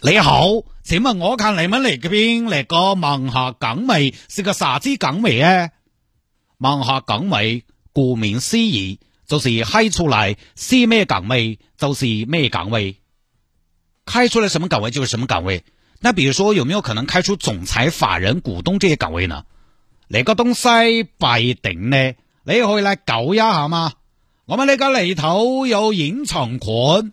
你好，請問我看你們嚟嗰邊，嚟個盲盒崗位是個啥子崗位呢？盲盒崗位顧名思義就是開出來是咩崗位就是咩崗位，開出來什麼崗位就是什麼崗位。那比如說，有沒有可能開出總裁、法人、股東這些崗位呢？呢個東西不一定呢，你可以嚟搞一下嘛。我們呢個裏頭有隱藏款。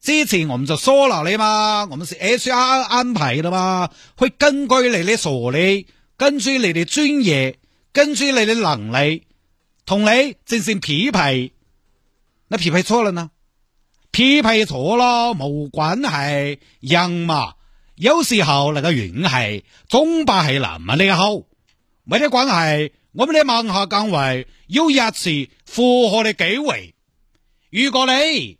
之前我們就說了你嘛，我們是 H R 安排的嘛，會根據你的學歷，根據你的專業，根據你的能力，同你進行匹配。那匹配錯了呢？匹配錯了冇關係，人嘛，有時候嚟到運氣，總把係那麼、個、的好，冇得關係。我們的盲盒崗位有一次符合的機會。如果你。